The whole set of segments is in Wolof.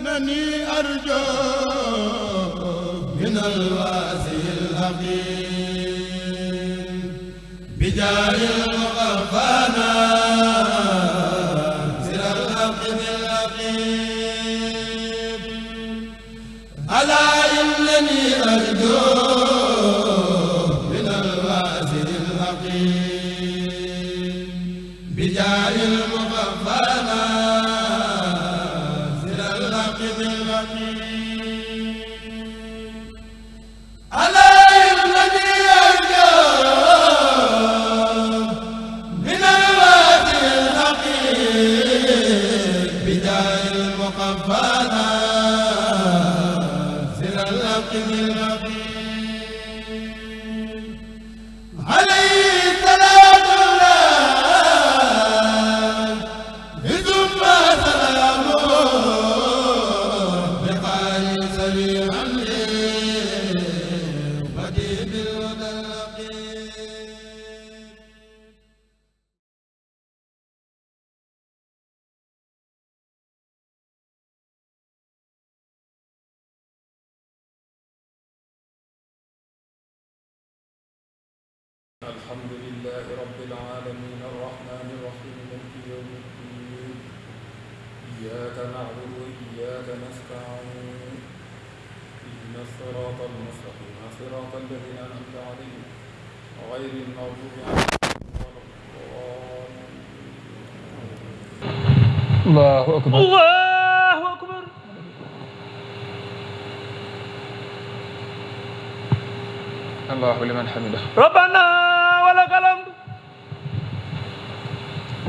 إنني أرجو من الواسع الحكيم بجاه المغفانا سر الحق بالحكيم ألا إنني أرجو الحمد لله رب العالمين الرحمن الرحيم مالك يوم الدين إياك نعبد وإياك نستعين اهدنا الصراط المستقيم صراط الذين أنعمت عليهم غير المغضوب عليهم الله أكبر الله أكبر الله لمن حمده ربنا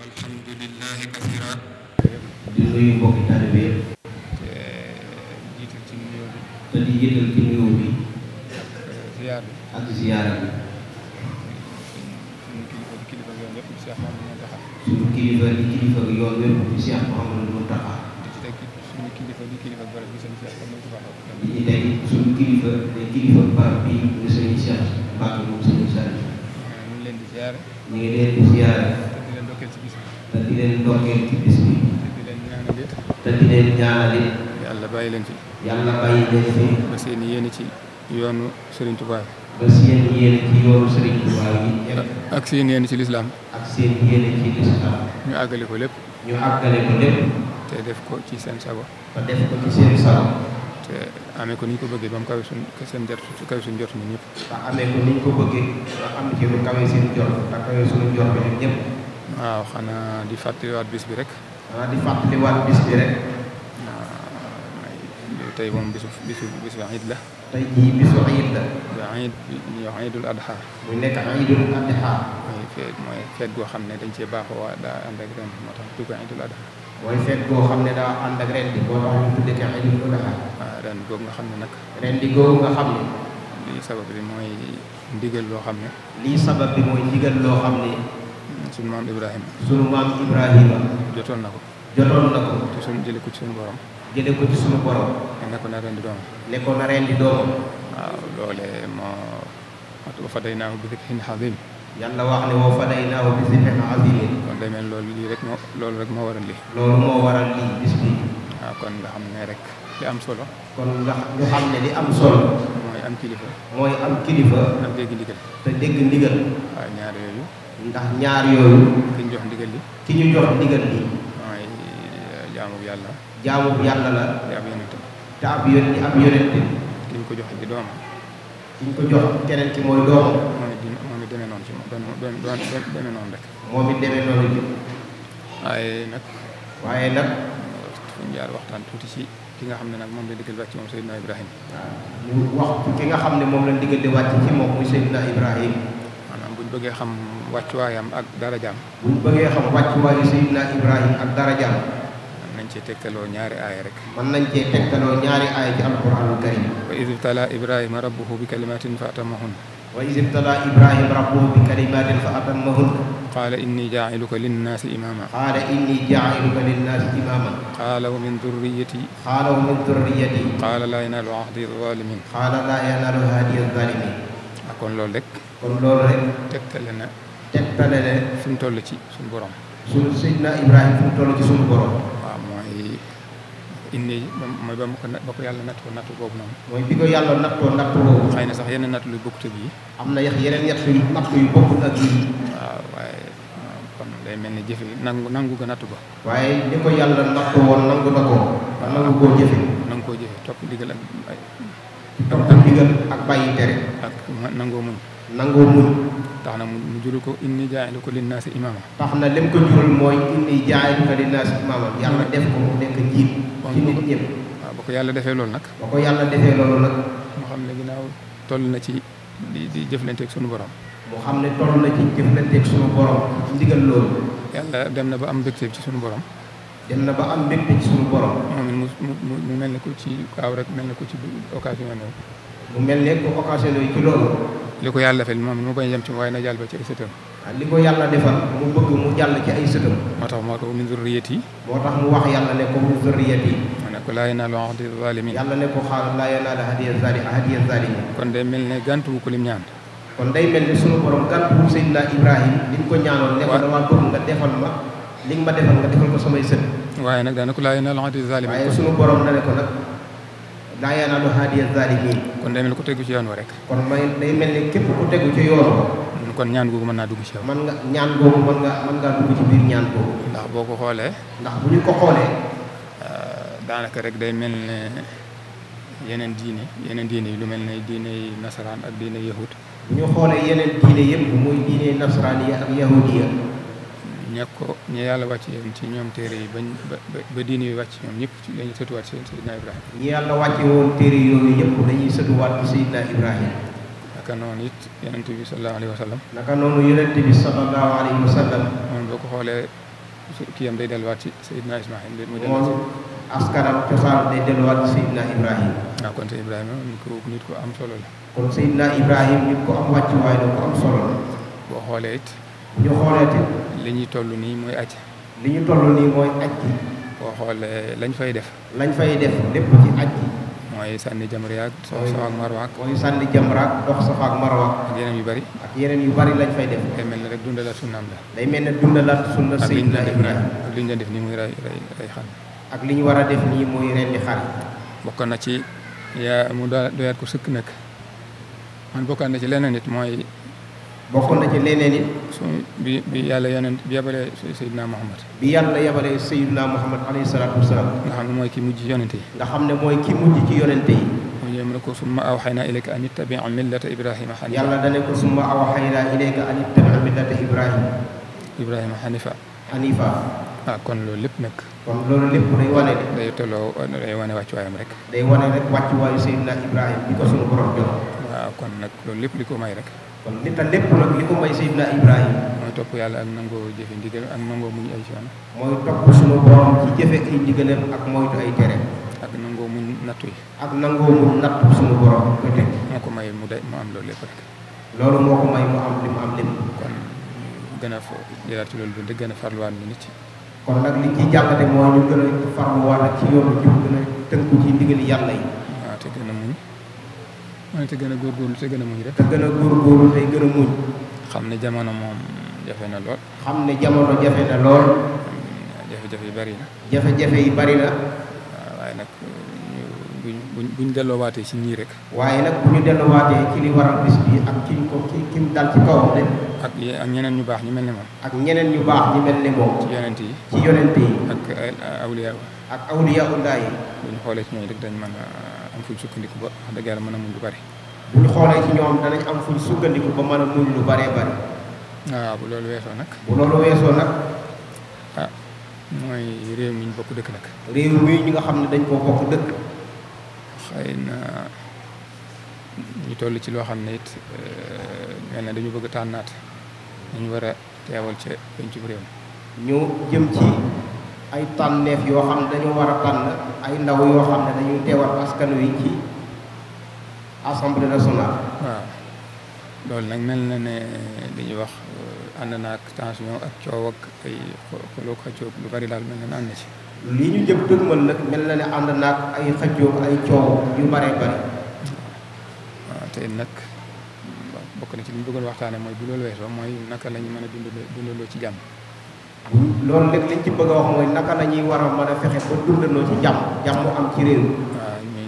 walhamdulillahi kasiran di nuyu mbokki taalibe yëpp te di jiital ci nuyoo bi ak ziyaara bi suñu kilifa li kilifa gi yoon wépp ci Cheikh Mouhamadou Mountakha suñu kilifa li kilifa bi sëñ Cheikh Mouhamadou di tey suñu kilifa li kilifa barab bi sëñ Cheikh Mbacke moom sëñ Cheikh ñu ngi leen di ziyaara leen ndokkeel ci bis bi. te di leen ñaanal it. yàlla bàyyi leen fi. yàlla bàyyi leen fi. ba seen yéene ci yoonu Serigne Touba. ba seen yéene ci yoonu Serigne Touba yi. ak seen yéene ci lislaam. ak seen yéene ci lislaam. ñu àggale ko lépp. ñu àggale ko lépp. te def ko ci seen sago. te def ko ci seen sago. te amee ko ni ñu ko bëggee ba mu kawe suñ seen jot kawe suñ jot ñun ñëpp. te amee ko ni ñu ko bëggee ba am ci lu kawe seen jot ak kawe suñu jot ñun ñëpp. waaw xanaa di fàttaliwaat bis bi rek. xanaa di fàttaliwaat bis bi rek. waaw tey moom bisu bisu bisu la. tey jii bisu iid la. waaw nekk iidul adha. mooy feet mooy feet goo xam ne dañ cee baaxoo daa ànd ak ren moo mooy feet goo xam ne daa ànd ak ren nga xam ne nag. ren di nga xam ne. lii sabab bi mooy ndigal loo xam ne. lii sabab mooy ndigal loo xam ne. suñu maam Ibrahima. suñu maam Ibrahima. jotoon na ko. jotoon na ko. te ko ci suñu borom. jëlee ko ci suñu borom. ne ko na ren di doomam. ne ko na ren di doomam. waaw loolee moo wa fadaynaahu bi zikrin aziim. yàlla wax ne wa fadaynaahu kon day mel lii rek moo loolu rek moo waral lii. loolu moo waral lii bis bi. kon nga xam ne rek li am solo. kon nga xam ne li am solo. am kilifa. mooy am kilifa. am dégg ndigal. te dégg ndigal. waaw ñaar yooyu. ndax ñaar yooyu. ki ñu jox ndigal li. ki ñu jox ndigal li. mooy euh, jaamu bu yàlla. jaamu bu yàlla la. te ab yonente. te ab yonente ab yonente. ki ñu ko jox ci doom ki ñu ko jox keneen ki mooy doomam. moom it moom it demee noonu ci moom doon doon demee noonu rek. moom it demee noonu ci. waaye nag. waaye nag. fu ñu jaar waxtaan tuuti ci. ki nga xam ne nag moom la digal wàcc moom Seydina Ibrahim ki nga xam ne moom lañ digal di wàcc ci moom muy Seydina Ibrahim maanaam buñ bëggee xam wàccuwaayam ak darajaam buñ bëggee xam wàccuwaayu Seydina Ibrahim ak darajaam mën nañ cee tegtaloo ñaari aaya rek mën nañ cee tegtaloo ñaari aaya ci alquranul karim wa iz ibtala Ibrahima rabbuhu bi kalimatin fa atamahun wa iz ibtalaa Ibrahima rabbuhu bi kalimaatin fa atammahunna. qaala inni jaa'iluka linnaasi imaama. qaala inni jaa'iluka linnaasi imaama. qaala wa min durriyyatii. qaala wa min durriyyatii. qaala laa yanaalu ahdi zaalimiin. qaala laa yanaalu ahdi zaalimiin. Ah, kon loolu rek. kon loolu rek. tegtale na. tegtale na. fi mu toll ci suñu borom. suñu Seydina Ibrahima fi mu toll ci suñu borom. indi mooy ba mu ko ba ko yàlla nattoo nattu boobu noonu mooy bi ko yàlla nattoo nattu boobu xëy na sax yeneen nattu lu bokkut ak yi am na yax yeneen yax yu nattu yu bokkut ak yi waaw waaye kon day mel ni jëfe nangu nangu nga nattu ba waaye ni ko yàlla nattu woon nangu na ko nangu koo jëfe nangu koo jëfe topp ndigal ak ay topp ndigal ak bàyyi tere ak nangoo muñ nangoo muñ tax na mu jural ko inni jaayilu ko linnaasi imaama tax na lim ko jural mooy inni jaayilu ko linnaasi imaama yàlla def ko mu nekk njiit ci nit ñëpp waaw ba ko yàlla defee loolu nag ba yàlla defee loolu nag mu xam ne ginnaaw toll na ci di di jëflanteeg sunu borom mu xam ne toll na ci jëflanteeg sunu borom dem na ba am mbégte ci sunu borom dem na ba am moom mu mu mu mel ne ko ci kaaw rek mel ne ko ci occasion néew mu mel ne ku occasionné ci loolu. li ko yàlla defal moom mu bañ a yem ci waaye na jàll ba ci ay sëtam. li ko yàlla defal mu bëgg mu jàll ci ay sëtam. moo tax moo ko min zurriyati. moo ne ko min zurriyati. mu ne ko laa yanaalu ahdi zalimin. ko xaaral laa yanaalu ahdi ko lim ñaan. kon day mel ne sunu borom gàntu Seydina Ibrahima ko ñaanoon. ne ko damaa li nga ma defal nga defal ko waaye nag daanaka laa yanaalu ahdi zalimin. waaye sunu borom na ne ko nag. laa yanaalu haadiya zaalimiin kon day mel ku tegu ci yoon wa rek kon may day mel ni képp ku tegu ci yoon wa kon ñaan googu mën naa dugg ci yow mën ñaan googu mën nga mën ngaa dugg ci biir ñaan googu ndax boo ko xoolee ndax bu ñu ko xoolee euh, daanaka rek day mel ni yeneen diine yeneen diine yi lu mel ni diine yi nasaraan ak diine yahud bu ñu xoolee yeneen diine yëpp mooy diine nasaraan yi ña ko ña yàlla wàcce woon ci ñoom téere yi ba ba diine yi wàcc ñoom ñëpp ci dañuy sëtuwaat ci Seydina Ibrahima. ñi yàlla wàcce woon téere yooyu yëpp dañuy sëtuwaat ci Seydina Ibrahima. naka noonu it yonent bi sallallahu ko xoolee kii yam day delluwaat ci Seydina Ismaïl. mu delluwaat ci moom askanam cosaan day delluwaat ci Seydina Ibrahima. waaw kon Seydina Ibrahima nit ku nit ku am solo la. kon Seydina Ibrahima nit ku am wàccuwaay la ku am solo la. boo xoolee it. ñu xooleeti li ñuy toll nii mooy aj li ñu toll nii mooy aj boo xoolee lañ fay def lañ fay def lépp ci aj gi mooy sànni jamra ak ak marwa ak yu bari yeneen yu bari lañ fay def mel ne rek dundalaat sunnaam la mel ne dundalaat sunna Seydina Ibrahima ak li ñu def nii muy ray ray xar ak li ñu war a def nii muy rendi xar bokk na ci yaa mu doyaat ko sëkk nag man bokkaat na ci lenn nit mooy bokkoon na ci leneen it suñu bi bi yàlla yonent bi yabalee Seydina Muhammad bi yàlla yabalee Seydina Muhammad alayhi salaatu wasalaam nga xam ne mooy ki mujj yonente yi nga xam ne mooy ki mujj ci yonente yi mu ñëw mu ne ko summa awxaynaa ilayka an ittabia millata ibrahima xanifa yàlla dane ko summa awxaynaa ilayka an ittabia millata ibrahima ibrahima xanifa xanifa ah kon loolu lépp nag kon loolu lépp day wane day tolloo day wane wàccuwaayam rek day wane rek wàccuwaayu Seydina Ibrahima bi ko suñu borom jox waaw kon nag loolu lépp li ko may rek kon li ta lépp nag li ko may Seydina Ibrahima mooy yàlla ak nangoo jëfe ndigal ak nangoo muñ ay coono mooy topp sunu borom ci jëfe ay ndigalam ak moytu ay tere ak nangoo mu nattu yi ak nangoo muñ nattu sunu borom ko teg moo ko may mu de mu am loolu lépp rek loolu moo ko may mu am li mu am lépp kon gën a fo jëlaat ci loolu dund gën a farluwaat ni nit kon nag li ciy jàngate mooy ñu gën a farluwaat ak ci yoonu jub gën a tënku ci ndigali yàlla yi mu ne te gën a góorgóorlu te gën a muñ rek. te gën a góorgóorlu te gën a muñ. xam ne jamono moom jafe na lool. xam ne jamono jafe na lool. jafe-jafe yi bari na. jafe-jafe yi bari na. waaye nag buñ buñ buñ delloowaatee ci nii rek. waaye nag bu ñu delloowaatee ci li waral bis bi ak ci ko ci dal ci kawam de. ak ñeneen ñu baax ñu mel ni moom. ak ñeneen ñu baax ñu mel ni moom. ci yonent yi ci yonent yi. ak eh, awliyaa ak awliyaa ulaa yi. buñ xoolee ci ñooñu rek dañ man am fuñ sukkandiku ba wax dëgg yàlla mën a muñ lu bari. bu ñu xoolee ci ñoom danañ am fuñ sukkandiku ba mën a muñ lu baree bari. waaw bu loolu weesoo nag. bu loolu weesoo nag. ah mooy réew mi ñu bokk dëkk nag. réew mi ñi nga xam ne dañ koo bokk dëkk. ñu toll ci loo xam ne eh, dañu bëgg tànnaat ñu war a teewal ca pencum réew mi. jëm ci. ay tànneef yoo xam ne dañu war a tànn ay ndaw yoo xam ne dañuy teewal askan wi ci assemblée nationale. waaw loolu nag mel na ne li ñuy wax euh, ànd na ak tension ak coow ak ay xoloo xëccoo lu bari daal mel na ne ànd lii ñu mel na ak ay xëccoo ay coow yu baree bari. waaw te nag bokk na ci li ñu bëggoon waxtaanee mooy bu loolu weesoo mooy naka la ñu mën a dundaloo dundaloo ci jàmm. loolu lépp liñ ci bëgg a wax mooy naka la ñuy war a mën a fexe ba dundandoo ci jàmm jàmm am ci réew mi.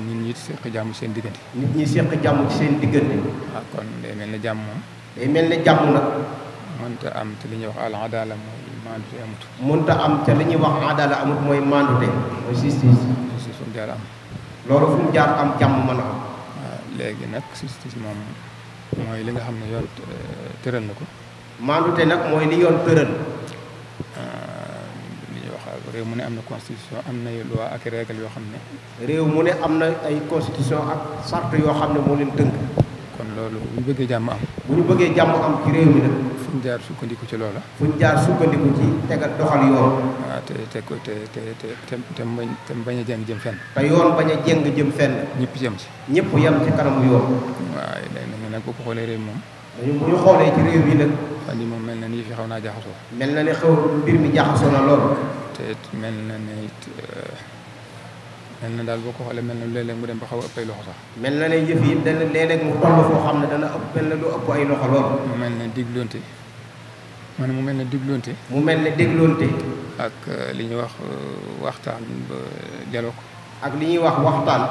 nit ñi seq jàmm seen diggante. nit ñi seq jàmm ci seen diggante. ah kon day mel ne jàmm day mel ne jàmm nag. mënta am te li ñuy wax al adala mooy maandute amut. mënta am te li ñuy wax adala amut mooy maandute. mooy justice. justice fu mu jaar am. loolu am jàmm ah, léegi nag justice moom mooy li nga xam ne yoon eh, tëral na ko. maandute nag mooy li yoon tëral. réew mu ne am na constitution am na loi ak règle yoo xam ne. réew mu ne am na ay constitution ak charte yoo xam ne moo leen tënk. kon loolu bu ñu bëggee jàmm am. bu ñu bëggee jàmm am ci jaar sukkandiku ci loola. fu ñu jaar sukkandiku ci tegal doxal yoon. waaw ah, te te te te te te bañ te bañ a jëng jëm fenn. te yoon bañ a jëng jëm fenn. ñëpp yem ci. ñëpp yem ci kanamu yoon. waaw léegi nag bu ko xoolee réew moom. dañu bu ñu xoolee ci réew yi nag. fan moom mel na ni fi xaw naa jaxasoo. mel na ni xew mbir mi jaxasoo na lool. te it mel na ne it euh, mel na daal boo ko xoolee mel na léeg-léeg mu dem ba xaw a ëpp ay loxo sax. mel na ne jëf yi dana léeg-léeg mu toll foo xam ne dana ëpp mel na lu ëpp ay loxo lool. mu mel ne mu mel ne diglonte. mu mel ne diglonte. Euh, euh, ak li ñuy wax waxtaan li ñuy wax waxtaan.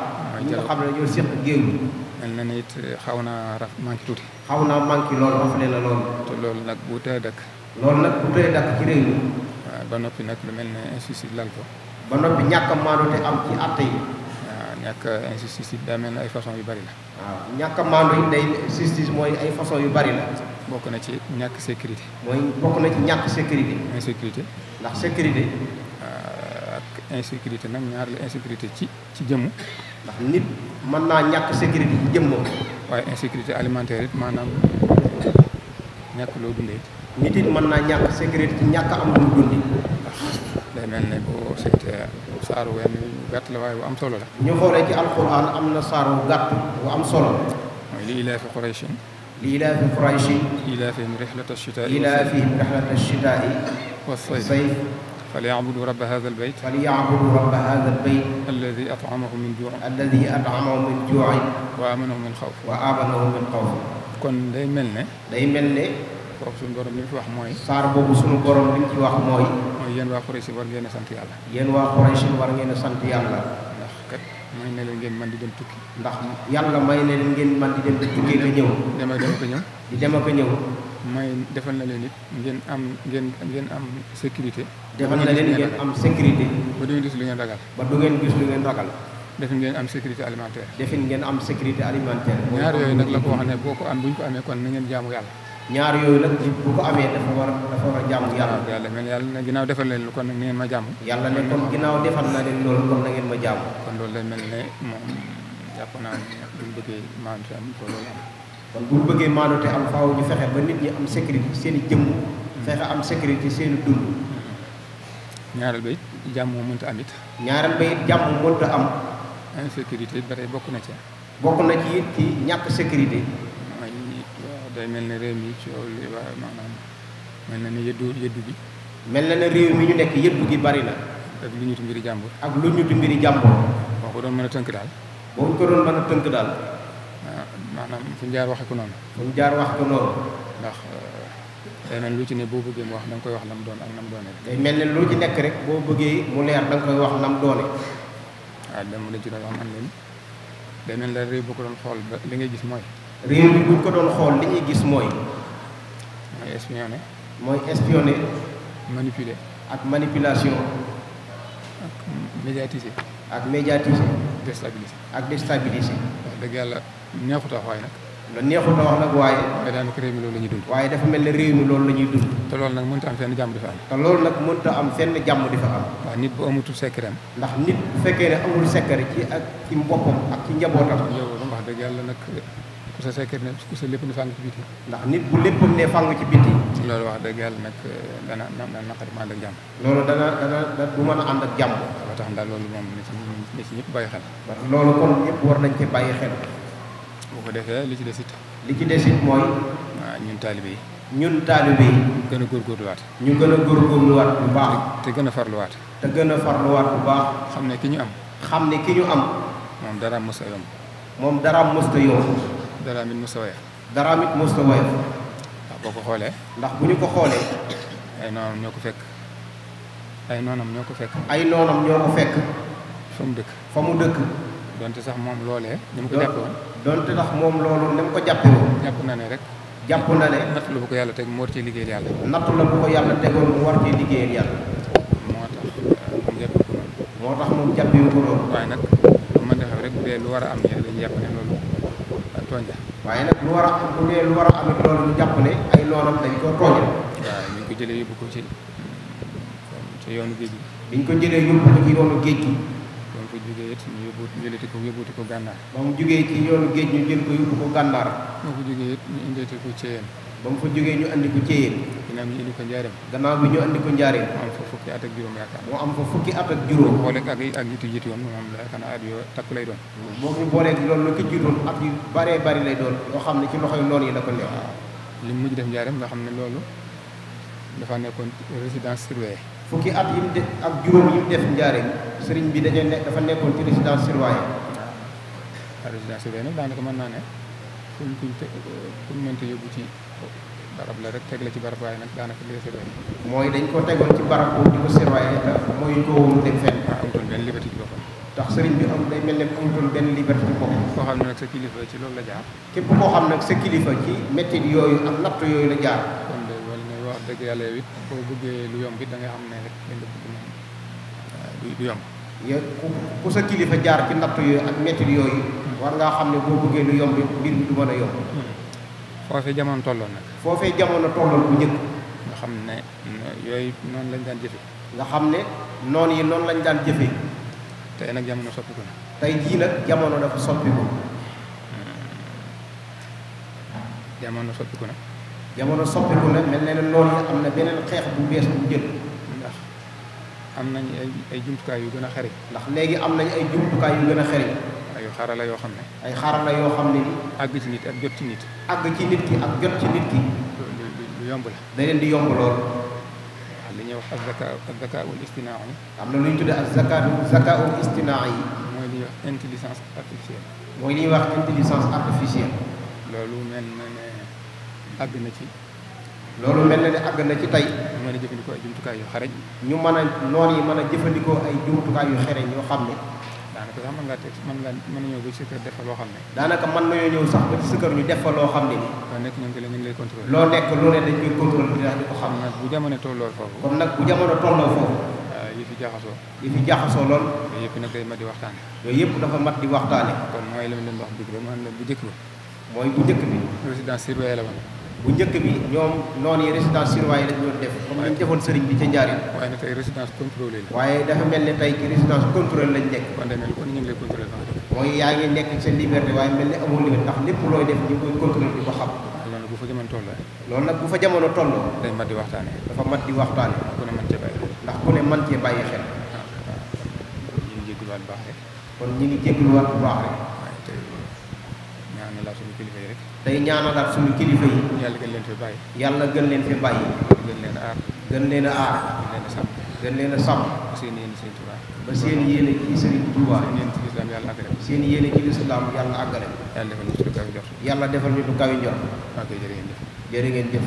waaw na ne it xaw naa raf manqué tuuti. xaw naa manqué lool rafet na lool. te loolu nag bu tee dëkk. loolu nag bu tee dëkk ci réew ba noppi nag lu mel ne injustice lal ko. ba noppi ñàkk a maandu te am ci àtte yi. waaw ñàkk a injustice daa mel na ay façon yu bari la. waaw ñàkk a maandu it mooy ay façon yu bari la. bokk na ci ñàkk sécurité. mooy bokk na ci ñàkk sécurité. insécurité. ndax sécurité. ak insécurité nag ñaar la insécurité ci ci jëmm. ndax nit mën naa ñàkk sécurité ci jëmm. waaye insécurité alimentaire it maanaam ñàkk loo dundee. nit it mën naa ñàkk sécurité ci ñàkk am lu mu dundi day mel ne bu seet saar wu gàtt la waaye bu am solo la ñu xoolee ci alquran am na saar wu gàtt bu am solo mooy li ilaafi qurayshin li ilaafi qurayshin ilaafihim rihlata shitaai ilaafihim rihlata shitaai wasayf فليعبدوا رب هذا البيت فليعبدوا رب هذا البيت الذي أطعمهم من جوع الذي أطعمهم من جوع وآمنهم من خوف وآمنهم من خوف kon day mel ne day mel ne kooku suñu borom li mu fi wax mooy saar boobu suñu borom li mu ci wax mooy mooy yéen waa Quraysh war ngeen sant yàlla yéen waa Quraysh war ngeen a sant yàlla ndax kat man di dem tukki ndax yàlla may leen ngeen man di dem tukki ko ñëw dema dem ko ñëw na leen it ngeen am ngeen ngeen am sécurité am sécurité ba du ngeen gis lu ngeen ragal ba du ngeen gis ngeen ragal defin ngeen am sécurité alimentaire defin ngeen am sécurité alimentaire la ko wax ne boo ko am bu ñu ko amee kon na ngeen jaamu yàlla ñaar yooyu nag nit bu ko amee dafa war a dafa war a jaamu yàlla. yàlla mel ne ginnaaw defal leen lu kon nag ni ngeen ma jaamu. yàlla ne moom ginnaaw defal na leen loolu kon na ngeen ma jaamu. kon loolu lay mel ne naa ne bu ñu bëggee maanu te am ko loolu am. bëggee maanu am faaw ñu fexe ba nit ñi am sécurité seen i jëmm. Hmm. fexe am sécurité seen i dund. Hmm. ñaareel ba it jàmm moo mënta am it. ñaareel ba it jàmm mënta am. insécurité bare bokk na ci. bokk na ci it ci ñàkk sécurité. day mel ne réew mi coow li waaye maanaam mel na ni yëddu yëddu bi mel na ne réew mi ñu nekk yëddu gi bari na ak lu ñutu mbiri jàmbur ak lu ñu ñutu mbiri jàmbur boo ko doon mën a tënk daal boo ko doon mën a tënk daal ah, maanaam fu jaar waxe ko noonu fu jaar waxe ko ndax eh, day mel lu ci ne boo bëggee mu wax da koy wax nam doon ak nam doone day mel ne lu ci nekk rek boo bëggee mu leer da nga koy wax nam doone waaw ah, dama la ci doon am am leen day mel ne réew boo ko doon xool li ngay gis mooy réew mi buñ ko doon xool li ñuy gis mooy. mooy espionné. mooy espionné. manipuler. ak manipulation. ak médiatiser. ak médiatiser. déstabiliser. ak déstabiliser. wax dëgg yàlla neexut a wax waaye nag. lu neexut wax nag waaye. waaye daanaka réew mi loolu la dund. waaye dafa mel ne réew mi loolu la ñuy dund. te loolu nag mënut a am fenn jàmm di am. te loolu nag mënut am fenn jàmm di fa am. nit bu amutul sekkereem. ndax nit bu fekkee ne amul sekkere ci ak ci mboppam ak ci njabootam. yow wax dëgg yàlla nag. ku sekkee secret ne ku sa lépp ne fàng ci biti ndax nit bu léppam ne fàng ci biti loolu wax dëgg yàlla nag eh, dana dana naqari mu ànd ak jàmm loolu dana du mën a ànd ak jàmm ba tax daal loolu moom ne ci ne ci ñëpp bàyyi xel loolu kon ñëpp war nañ ci bàyyi xel bu ko defee li ci des it li ci des it mooy waa ah, ñun taalibe yi ñun taalibe yi gën a góorgóorluwaat ñu gën a góorgóorluwaat bu baax te gën a farluwaat te gën a farluwaat bu baax xam ne ki ñu am xam ne ki ñu am moom dara mos a yomb moom dara mos a dara mit mustawaya dara mit mustawaya ndax boo ko xoolee ndax bu ñu ko xoolee ay noonam ñoo ko fekk ay noonam ñoo ko fekk ay noonam ñoo fekk fa mu dëkk fa mu dëkk donte sax moom loolee ni mu ko jàppe woon donte sax moom loolu ni ko jàppe woon jàpp na ne rek jàpp na ne natt la bu ko yàlla teg mu war cee liggéeyal yàlla natt la bu ko yàlla tegoon mu war cee liggéeyal yàlla moo tax ah, moom jàppewu ko noonu tax moom jàppewu ko noonu waaye nag man defee rek bu lu war a am ñe dañu yàpp ne loolu tooñ la waaye nag lu war a bu dee lu war a amit loolu ñu jàpp ne ay noonam dañ koo tooñal ñu ko jëlee yóbbu ko ci ci yoonu géej gi biñ ko jëlee yóbbu ko ci yoonu géej gi ba mu ko jógee it ñu yóbbu ko yóbbuti ko gànnaar ba mu jógee ci yoonu géej ñu jël ko yóbbu ko gànnaar ba mu ko jógee it ñu indeeti ko Ceyeen ba mu fa jógee ñu andi ko Thiéyeen. ginnaaw bi ñu andi ko Njaareem. gannaaw bi ko Njaareem. mu fa fukki at ak juróom yaakaar. am fa fukki at ak juróom. booleeg ak ak yi jiitu woon moom la xanaa at yoo takku lay doon. boo ko loolu lu ko jiitoon at yu bari lay doon yoo xam ne ci loxoy noonu yi la ko neex. li mu mujj def Njaareem xam ne loolu dafa nekkoon résidence surveillée. fukki at ak juróom def Njaareem sëriñ bi dañoo ne dafa nekkoon ci résidence surveillée. waaw résidence surveillée nag ko mën naa ne. kuñ kuñ te kuñ yóbbu ci barab la rek teg la ci barab waaye nag daanaka li nga mooy dañ ko tegoon ci barab boobu di mooy ko woon dem fenn. amutoon benn liberté tax boppam. sëriñ bi am day mel ne amutoon benn liberté ci boppam. koo xam ne nag sa kilifa ci loolu la jaar. képp koo xam nag sa kilifa ci méttit yooyu ak yooyu la jaar. kon ne wax dëgg yàlla yow boo bëggee lu yomb it xam ne rek ku sa kilifa jaar ci natt yooyu ak méttit yooyu. war ngaa xam ne boo bëggee lu yomb mbir mi du mën a yomb. foofee jamono tolloon nag. foofee jamono tolloon bu njëkk. nga xam ne yooyu noonu lañ daan jëfe nga xam ne noonu yi noonu lañ daan jëfee. tey nag jamono soppiku tey jii nag jamono dafa soppiku. jamono soppiku na. jamono soppiku na mel ne noonu yi am na beneen xeex bu bees bu jël. ndax am nañ ay ay jumtukaay yu gën a xari ndax léegi am nañ ay jumtukaay yu gën a xari xarala yoo xam ne. ay xarala yoo xam ne ni. àgg ci nit ak jot ci nit. àgg ci nit ki ak jot ci nit ki. lu yomb la. da leen di yomb lool. li ñuy wax ak zaka ak zakaawul yi. am na lu ñu tuddee ak zakaatu zakaawul istinaa yi. mooy li wax intelligence artificielle. mooy li ñuy wax intelligence artificielle. loolu mel na ne àgg na ci. loolu mel ne ne àgg na ci tey. ñu mën jëfandikoo ay jumtukaay yu xareñ. ñu mën a noon yi mën a jëfandikoo ay jumtukaay yu xareñ yoo xam ne. daanaka sax mën ngaa teg mën ngaa mën nañoo ba ci sa kër def fa loo xam ne daanaka mën nañoo ñëw sax ba ci sa kër ñu def fa loo xam ne loo nekk ñu ngi leen lay contrôlé nekk lu ne dañ koy contrôlé di di ko xam nag bu jamono tolloo foofu kon nag bu jamono tolloo foofu ah, yi fi jaxasoo yi fi jaxasoo lool yooyu yëpp nag day mat di waxtaane yooyu yëpp dafa mat di waxtaane kon mooy li ma leen wax dëgg ba mu bu njëkk ba mooy bu njëkk bi résidence surveillée la woon bu njëkk bi ñoom noonu yi résidence surveillée lañ def comme lañ defoon bi ca Njaaréem waaye nag tey résidence contrôlée la waaye dafa mel ne tey ci résidence contrôlée lañ nekk kon demel kon ñu ngi lay contrôlé mooy yaa ngi nekk sa liberté waaye mel ne amoo ah, bu fa jamono tolloo loolu nag bu fa jamono dafa mat di waxtaane ku ne mën bàyyi ndax ku ne mën cee bàyyi xel ñu ngi jégaluwaat bu baax rek kon ñu ngi jégaluwaat bu baax rek ñaan rek tey ñaanalaat suñu kilifa yi. yàlla gën leen fi bàyyi. yàlla gën leen fi bàyyi. gën leen a aar. gën leen a aar. gën leen a sàmm. gën leen a sàmm. ba seen yéene sëriñ Touba. ba seen yéene ci sëriñ Touba. seen yéene ci lislaam yàlla àggale. seen yéene ci lislaam yàlla àggale. yàlla defal ñu ci lu kaw njort. yàlla defal ñu lu kaw njort. waaw kay jërë ngeen jëf. jërë ngeen jëf.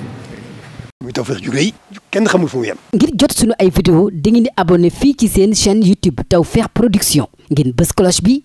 muy Tawfekh ju rëy kenn xamul fu mu yem. ngir jot suñu ay vidéo dangeen di abonné fii ci seen chaîne YouTube Tawfekh Production. ngeen bës cloche bi